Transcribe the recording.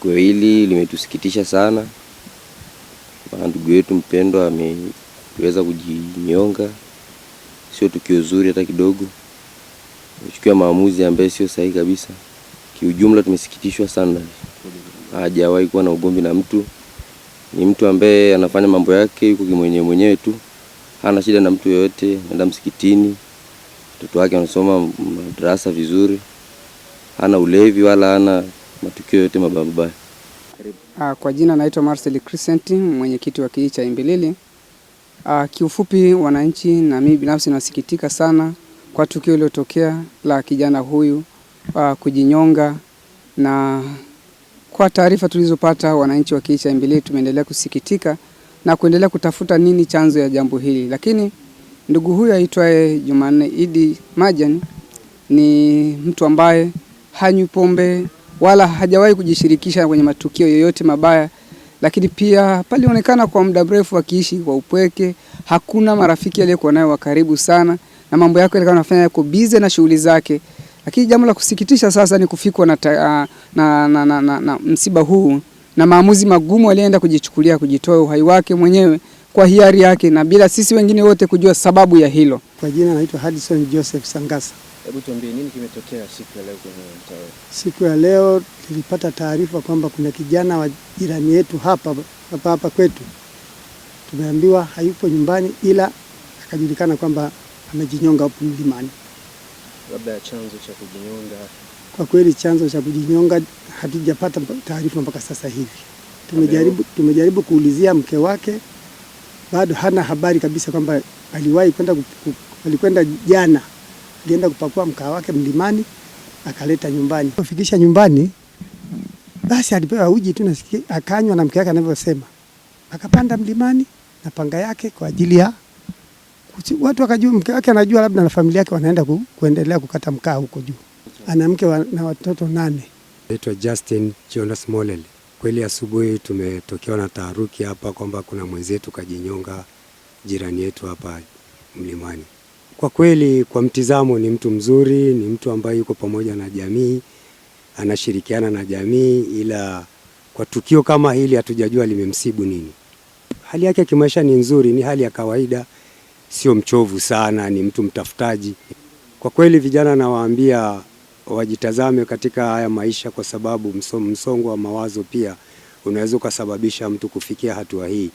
Tukio hili limetusikitisha sana, maana ndugu yetu mpendwa ameweza kujinyonga, sio tukio zuri hata kidogo. Amechukua maamuzi ambayo sio sahihi kabisa. Kiujumla tumesikitishwa sana, hajawahi kuwa na ugomvi na mtu. Ni mtu ambaye anafanya mambo yake, yuko kimwenyewe mwenyewe tu, hana shida na mtu yoyote. Anaenda msikitini, mtoto wake anasoma madrasa vizuri, hana ulevi wala hana matukio yote mabaya mabaya. Ah, kwa jina naitwa Marcel Crescent, mwenyekiti wa kijiji cha Imbilili. Ah, kiufupi, wananchi na mimi binafsi nasikitika sana kwa tukio lililotokea la kijana huyu ah, kujinyonga, na kwa taarifa tulizopata wananchi wa kijiji cha Imbilili tumeendelea kusikitika na kuendelea kutafuta nini chanzo ya jambo hili, lakini ndugu huyu aitwaye Jumanne Idi Majan ni mtu ambaye hanywi pombe wala hajawahi kujishirikisha kwenye matukio yoyote mabaya, lakini pia palionekana kwa muda mrefu akiishi kwa upweke. Hakuna marafiki aliyekuwa nayo wa karibu sana, na mambo yake yalikuwa anafanya yako bize na shughuli zake. Lakini jambo la kusikitisha sasa ni kufikwa na, na, ah, na, na, na, na, na msiba huu na maamuzi magumu alienda kujichukulia, kujitoa uhai wake mwenyewe kwa hiari yake na bila sisi wengine wote kujua sababu ya hilo. Kwa jina naitwa Hudson Joseph Sangasa. Hebu tuambie nini kimetokea siku ya leo kwenye mtaa wetu? Siku ya leo tulipata taarifa kwamba kuna kijana wa jirani yetu hapa hapa hapa kwetu, tumeambiwa hayupo nyumbani, ila akajulikana kwamba amejinyonga hapo mlimani. Labda chanzo cha kujinyonga, kwa kweli chanzo cha kujinyonga hatujapata taarifa mpaka sasa hivi. Tumejaribu, tumejaribu kuulizia mke wake, bado hana habari kabisa kwamba aliwahi kwenda alikwenda jana alienda kupakua mkaa wake mlimani akaleta nyumbani. Kufikisha nyumbani, basi alipewa uji tu nasikia, akanywa na mke wake anavyosema, akapanda mlimani na panga yake kwa ajili ya watu wakajua, mke wake anajua labda na familia yake wanaenda ku, kuendelea kukata mkaa huko juu. Ana mke wa, na watoto nane. Naitwa Justin Jonas Molel. Kweli asubuhi tumetokewa na taharuki hapa kwamba kuna mwenzetu kajinyonga jirani yetu hapa mlimani. Kwa kweli, kwa mtizamo, ni mtu mzuri, ni mtu ambaye yuko pamoja na jamii, anashirikiana na jamii, ila kwa tukio kama hili hatujajua limemsibu nini. Hali yake ya kimaisha ni nzuri, ni hali ya kawaida, sio mchovu sana, ni mtu mtafutaji. Kwa kweli, vijana nawaambia wajitazame katika haya maisha, kwa sababu msongo wa mawazo pia unaweza ukasababisha mtu kufikia hatua hii.